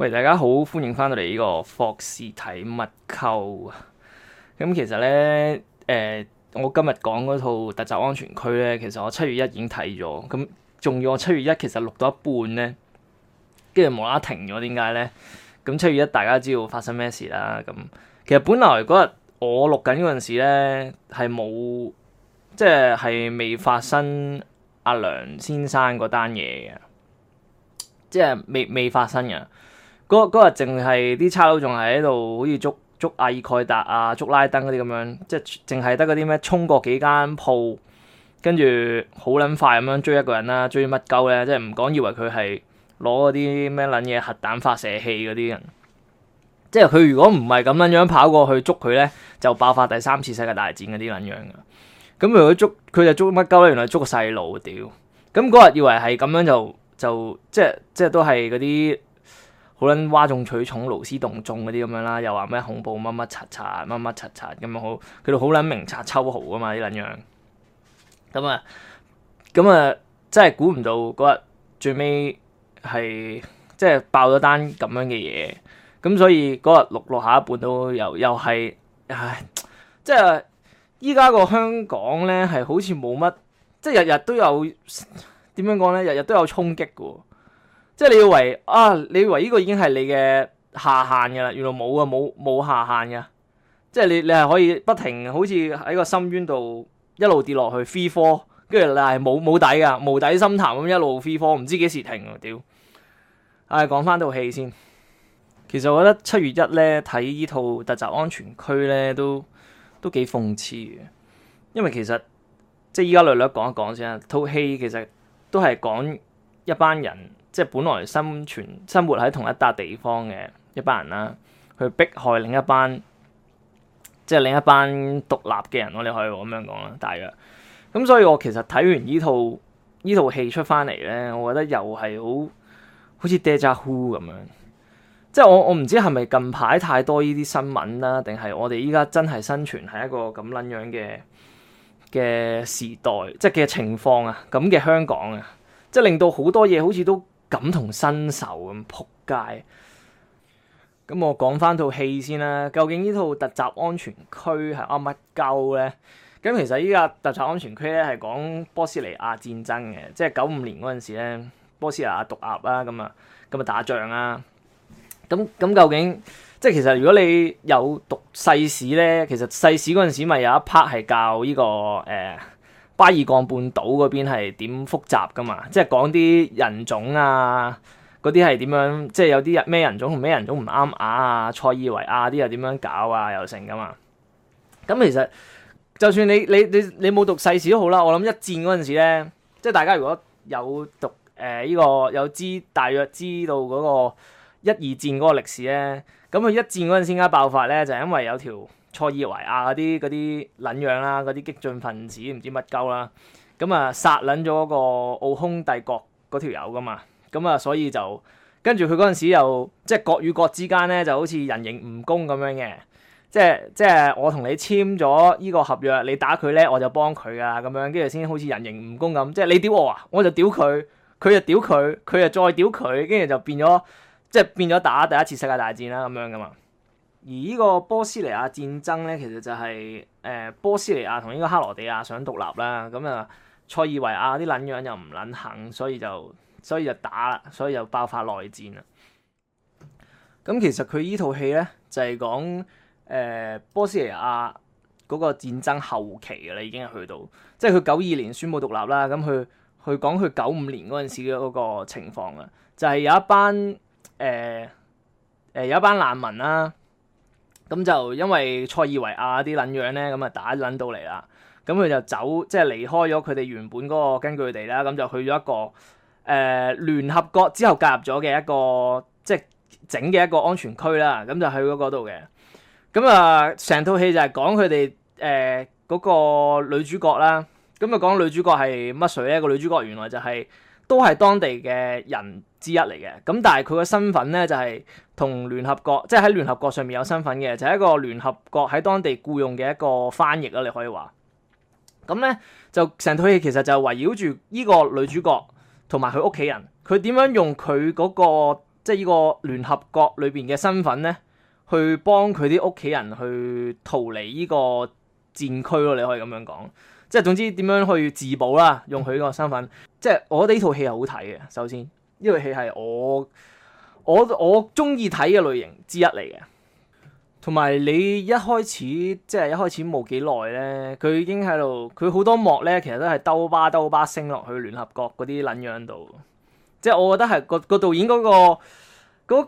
喂，大家好，歡迎翻到嚟呢個霍士睇物球啊！咁、 嗯、其實咧，誒、呃，我今日講嗰套《突襲安全區》咧，其實我七月一已經睇咗，咁仲要我七月一其實錄到一半咧，跟住無啦停咗，點解咧？咁、嗯、七月一大家知道發生咩事啦？咁、嗯、其實本來嗰日我錄緊嗰陣時咧，係冇即係係未發生阿梁先生嗰單嘢嘅，即係未未發生嘅。嗰日淨係啲差佬仲係喺度，好似捉捉阿爾蓋達啊，捉拉登嗰啲咁樣，即係淨係得嗰啲咩衝過幾間鋪，跟住好撚快咁樣追一個人啦，追乜鳩咧？即係唔講，以為佢係攞嗰啲咩撚嘢核彈發射器嗰啲人，即係佢如果唔係咁撚樣跑過去捉佢咧，就爆發第三次世界大戰嗰啲撚樣噶。咁如果捉佢就捉乜鳩咧？原來捉個細路屌。咁嗰日以為係咁樣就就，就即係即係都係嗰啲。好撚嘩眾取寵，勞師動眾嗰啲咁樣啦，又話咩恐怖乜乜柒柒，乜乜柒柒咁樣好，佢哋好撚明察秋毫噶嘛呢撚樣。咁啊，咁啊，真係估唔到嗰日最尾係即係爆咗單咁樣嘅嘢。咁所以嗰日錄錄下一半都又又係唉，即係依家個香港咧係好似冇乜，即係日日都有點樣講咧，日日都有衝擊噶喎。即係你以為啊，你以為呢個已經係你嘅下限㗎啦，原來冇啊，冇冇下限㗎，即係你你係可以不停，好似喺個深淵度一路跌落去 free fall 跟住你係冇冇底㗎，無底深潭咁一路 free fall 唔知幾時停啊屌！唉、啊，講翻套戲先，其實我覺得七月一咧睇呢套《突襲安全區》呢咧都都幾諷刺嘅，因為其實即係依家略略講一講先啊，套戲其實都係講一班人。即係本來生存生活喺同一笪地方嘅一班人啦，去迫害另一班，即係另一班獨立嘅人，我哋可以咁樣講啦，大約。咁所以我其實睇完依套依套戲出翻嚟咧，我覺得又係好好似 déjà vu 咁樣。即係我我唔知係咪近排太多依啲新聞啦，定係我哋依家真係生存喺一個咁撚樣嘅嘅時代，即係嘅情況啊，咁嘅香港啊，即係令到好多嘢好似都～感同身受咁撲街，咁我講翻套戲先啦。究竟呢套《突襲安全區》係噏乜鳩咧？咁其實依家《突襲安全區》咧係講波斯尼亞戰爭嘅，即係九五年嗰陣時咧，波斯尼亞獨立啦。咁啊，咁啊打仗啦、啊。咁咁究竟，即係其實如果你有讀世史咧，其實世史嗰陣時咪有一 part 係教呢、這個誒。呃巴爾幹半島嗰邊係點複雜噶嘛？即係講啲人種啊，嗰啲係點樣？即係有啲咩人種同咩人種唔啱牙啊？塞爾維亞啲又點樣搞啊？又成噶嘛？咁、嗯、其實就算你你你你冇讀歷史都好啦，我諗一戰嗰陣時咧，即係大家如果有讀誒依、呃呢個有知大約知道嗰個一二戰嗰個歷史咧，咁佢一戰嗰陣時點解爆發咧，就係、是、因為有條。塞爾維亞嗰啲嗰啲撚樣啦，嗰啲激進分子唔知乜鳩啦，咁啊殺撚咗個奧匈帝國嗰條友噶嘛，咁、嗯、啊、嗯、所以就跟住佢嗰陣時又即係國與國之間咧就好似人形蜈蚣咁樣嘅，即係即係我同你簽咗依個合約，你打佢叻我就幫佢啊咁樣，跟住先好似人形蜈蚣咁，即係你屌我，啊，我就屌佢，佢就屌佢，佢又再屌佢，跟住就變咗即係變咗打第一次世界大戰啦咁樣噶嘛。而依個波斯尼亞戰爭咧，其實就係誒波斯尼亞同呢個克羅地亞想獨立啦。咁啊，塞爾維亞啲撚樣又唔撚肯，所以就所以就打啦，所以就爆發內戰啦。咁其實佢依套戲咧就係講誒波斯尼亞嗰個戰爭後期噶啦，已經係去到即係佢九二年宣布獨立啦。咁佢佢講佢九五年嗰陣時嘅嗰個情況啦，就係有一班誒誒有一班難民啦。咁就因為塞爾維亞啲撚樣咧，咁啊打撚到嚟啦，咁佢就走，即係離開咗佢哋原本嗰個根據地啦，咁就去咗一個誒、呃、聯合國之後加入咗嘅一個即係整嘅一個安全區啦，咁就去咗嗰度嘅。咁啊，成套戲就係講佢哋誒嗰個女主角啦，咁就講女主角係乜水咧？個女主角原來就係、是、都係當地嘅人。之一嚟嘅，咁但係佢個身份咧就係同聯合國，即係喺聯合國上面有身份嘅，就係一個聯合國喺當地僱用嘅一個翻譯啦。你可以話。咁咧就成套戲其實就係圍繞住依個女主角同埋佢屋企人，佢點樣用佢嗰個即係依個聯合國裏邊嘅身份咧，去幫佢啲屋企人去逃離依個戰區咯，你可以咁樣講。即係總之點樣去自保啦，用佢依個身份。即係我覺得依套戲係好睇嘅，首先。呢套戲係我我我中意睇嘅類型之一嚟嘅，同埋你一開始即係一開始冇幾耐咧，佢已經喺度，佢好多幕咧，其實都係兜巴兜巴升落去聯合國嗰啲撚樣度，即係我覺得係個個導演嗰個嗰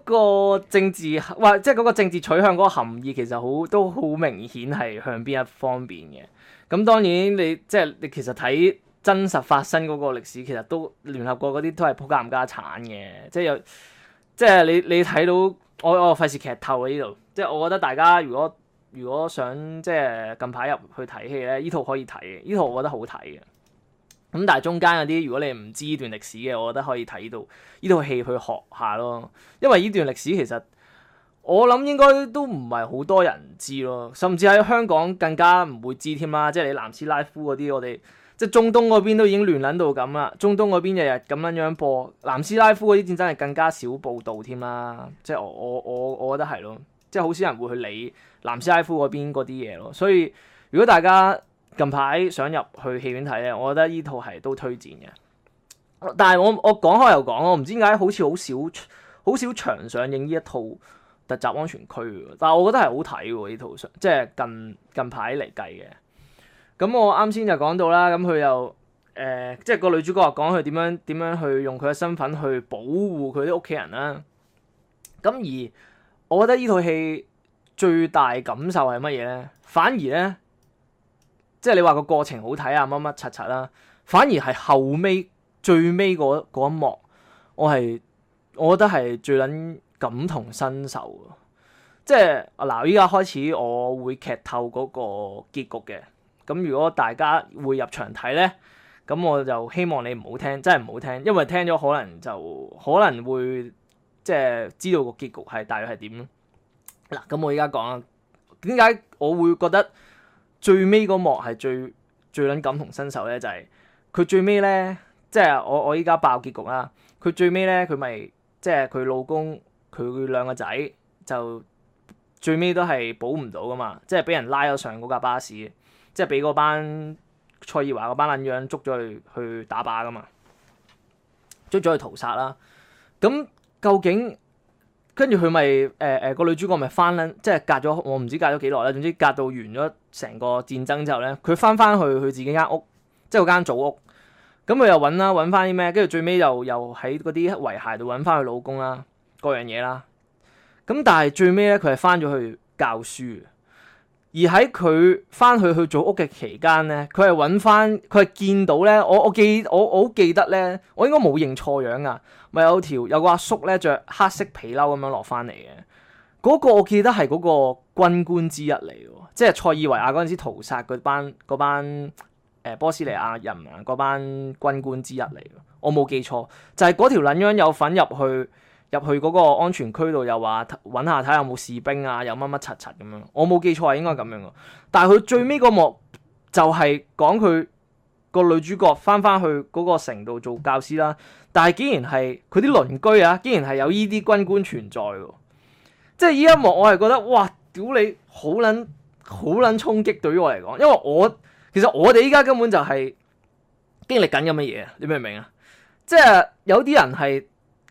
個政治或即係嗰個政治取向嗰個含義其實好都好明顯係向邊一方面嘅。咁當然你即係你其實睇。真實發生嗰個歷史其實都聯合國嗰啲都係普加冚家鏟嘅，即係有即你你睇到，我我費事劇透啊呢度，即係我覺得大家如果如果想即係近排入去睇戲咧，呢套可以睇嘅，呢套我覺得好睇嘅。咁但係中間嗰啲如果你唔知呢段歷史嘅，我覺得可以睇到呢套戲去學下咯，因為呢段歷史其實我諗應該都唔係好多人知咯，甚至喺香港更加唔會知添啦。即係你南斯拉夫嗰啲我哋。即中東嗰邊都已經亂撚到咁啦，中東嗰邊日日咁樣樣播，南斯拉夫嗰啲戰爭係更加少報導添啦。即我我我我覺得係咯，即好少人會去理南斯拉夫嗰邊嗰啲嘢咯。所以如果大家近排想入去戲院睇咧，我覺得依套係都推薦嘅。但係我我講開又講，我唔知點解好似好少好少場上映依一套《突襲安全區》㗎，但係我覺得係好睇喎依套，上，即近近排嚟計嘅。咁我啱先就講到啦，咁佢又誒，即、呃、係、就是、個女主角講佢點樣點樣去用佢嘅身份去保護佢啲屋企人啦、啊。咁而我覺得呢套戲最大感受係乜嘢咧？反而咧，即係你話個過程好睇啊，乜乜柒柒啦。反而係後尾最尾嗰嗰一幕，我係我覺得係最撚感同身受嘅。即係嗱，依家開始我會劇透嗰個結局嘅。咁如果大家會入場睇咧，咁我就希望你唔好聽，真係唔好聽，因為聽咗可能就可能會即係知道個結局係大約係點咯。嗱，咁我依家講啊，點解我會覺得最尾嗰幕係最最撚感同身受咧？就係、是、佢最尾咧，即係我我依家爆結局啦。佢最尾咧，佢咪、就是、即係佢老公佢兩個仔就最尾都係補唔到㗎嘛，即係畀人拉咗上嗰架巴士。即係俾嗰班塞爾華嗰班撚樣捉咗去去打靶噶嘛，捉咗去屠殺啦。咁究竟跟住佢咪誒誒個女主角咪翻撚？即係隔咗我唔知隔咗幾耐啦。總之隔到完咗成個戰爭之後咧，佢翻翻去佢自己間屋，即係嗰間祖屋。咁佢又揾啦，揾翻啲咩？跟住最尾又又喺嗰啲遺骸度揾翻佢老公啦，各樣嘢啦。咁但係最尾咧，佢係翻咗去教書。而喺佢翻去去祖屋嘅期間咧，佢係揾翻，佢係見到咧。我我記我我好記得咧，我應該冇認錯樣啊。咪有條有個阿叔咧，着黑色皮褸咁樣落翻嚟嘅。嗰個我記得係嗰個軍官之一嚟嘅，即係塞爾維亞嗰陣時屠殺嗰班嗰班誒波斯尼亞人嗰班軍官之一嚟。我冇記錯，就係嗰條撚樣有份入去。入去嗰個安全區度又話揾下睇有冇士兵啊，又乜乜柒柒咁樣，我冇記錯係應該咁樣噶。但係佢最尾個幕就係講佢個女主角翻翻去嗰個城度做教師啦。但係竟然係佢啲鄰居啊，竟然係有呢啲軍官存在噶，即係呢一幕我係覺得哇，屌你好撚好撚衝擊對於我嚟講，因為我其實我哋依家根本就係經歷緊咁嘅嘢，你明唔明啊？即係有啲人係。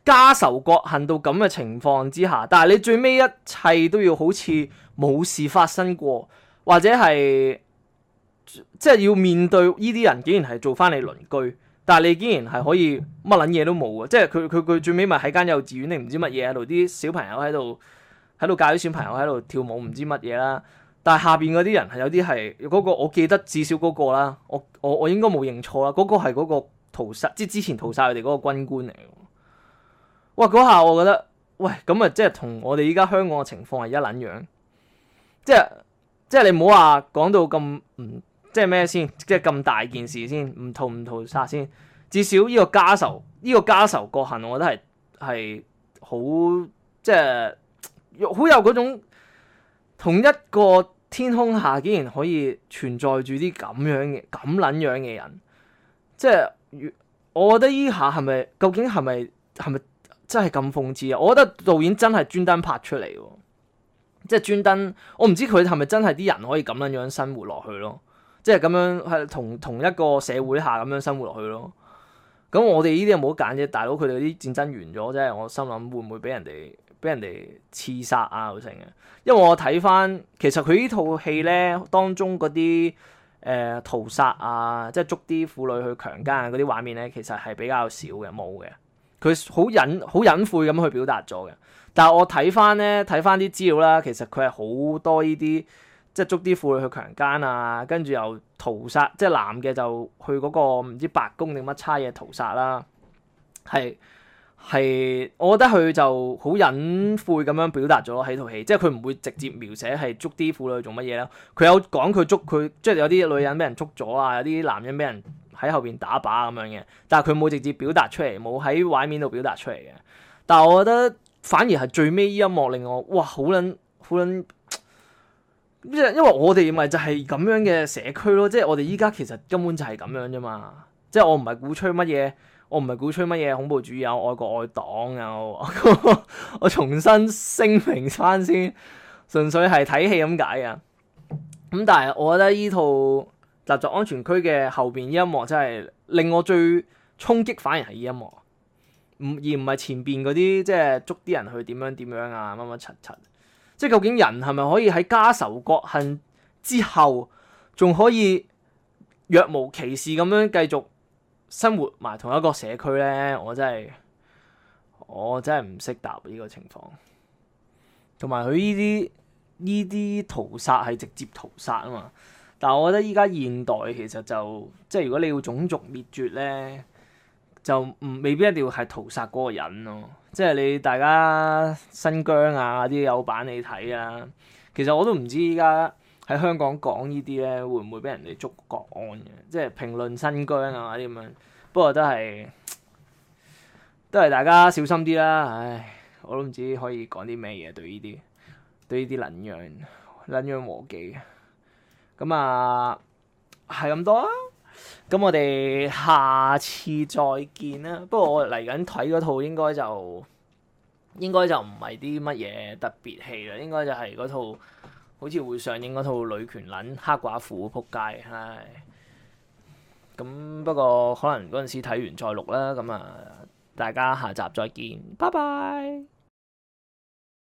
家仇國恨到咁嘅情況之下，但係你最尾一切都要好似冇事發生過，或者係即係要面對呢啲人，竟然係做翻你鄰居，但係你竟然係可以乜撚嘢都冇嘅，即係佢佢佢最尾咪喺間幼稚園你唔知乜嘢喺度，啲小朋友喺度喺度教啲小朋友喺度跳舞，唔知乜嘢啦。但係下邊嗰啲人係有啲係嗰個，我記得至少嗰個啦，我我我應該冇認錯啦，嗰個係嗰個屠殺，即之前屠殺佢哋嗰個軍官嚟哇！嗰下我覺得，喂，咁啊，即係同我哋依家香港嘅情況係一撚樣，即係、嗯、即係你唔好話講到咁唔即係咩先，即係咁大件事先，唔屠唔屠殺先，至少依個家仇依、依個家仇國恨，我覺得係係好即係好有嗰種同一個天空下，竟然可以存在住啲咁樣嘅咁撚樣嘅人，即係我覺得依下係咪究竟係咪係咪？是真係咁諷刺啊！我覺得導演真係專登拍出嚟喎，即係專登。我唔知佢係咪真係啲人可以咁樣樣生活落去咯，即係咁樣係同同一個社會下咁樣生活落去咯。咁我哋呢啲有冇得揀啫，大佬佢哋嗰啲戰爭完咗，即係我心諗會唔會俾人哋俾人哋刺殺啊？嗰成嘅，因為我睇翻其實佢呢套戲咧當中嗰啲誒屠殺啊，即係捉啲婦女去強姦嗰啲畫面咧，其實係比較少嘅冇嘅。佢好隱好隱晦咁去表達咗嘅，但係我睇翻咧睇翻啲資料啦，其實佢係好多呢啲即係捉啲婦女去強姦啊，跟住又屠殺，即係男嘅就去嗰個唔知白宮定乜叉嘢屠殺啦，係。係，我覺得佢就好隱晦咁樣表達咗喺套戲，即係佢唔會直接描寫係捉啲婦女做乜嘢啦。佢有講佢捉佢，即係有啲女人俾人捉咗啊，有啲男人俾人喺後邊打靶咁樣嘅。但係佢冇直接表達出嚟，冇喺畫面度表達出嚟嘅。但係我覺得反而係最尾呢一幕令我哇，好撚好撚，即係因為我哋咪就係咁樣嘅社區咯，即係我哋依家其實根本就係咁樣啫嘛。即係我唔係鼓吹乜嘢。我唔係鼓吹乜嘢恐怖主義，有愛國愛黨啊！我重新聲明翻先，純粹係睇戲咁解啊！咁但係我覺得依套《突襲安全區》嘅後邊依一幕真係令我最衝擊，反而係依一幕，唔而唔係前邊嗰啲即係捉啲人去點樣點樣啊乜乜柒柒，即係究竟人係咪可以喺家仇國恨之後仲可以若無其事咁樣繼續？生活埋同一個社區咧，我真係我真係唔識答呢個情況。同埋佢呢啲呢啲屠殺係直接屠殺啊嘛。但係我覺得依家現代其實就即係如果你要種族滅絕咧，就唔未必一定要係屠殺嗰個人咯，啊。即係你大家新疆啊啲有版你睇啊，其實我都唔知依家。喺香港講呢啲咧，會唔會俾人哋捉國安嘅？即係評論新疆啊啲咁樣。不過都係都係大家小心啲啦。唉，我都唔知可以講啲咩嘢對呢啲對呢啲撚樣撚樣和諧。咁啊，係咁多啦。咁我哋下次再見啦。不過我嚟緊睇嗰套應該就應該就唔係啲乜嘢特別戲啦。應該就係嗰套。好似會上映嗰套《女權撚黑寡婦》仆街，唉，咁不過可能嗰陣時睇完再錄啦，咁啊，大家下集再見，拜拜。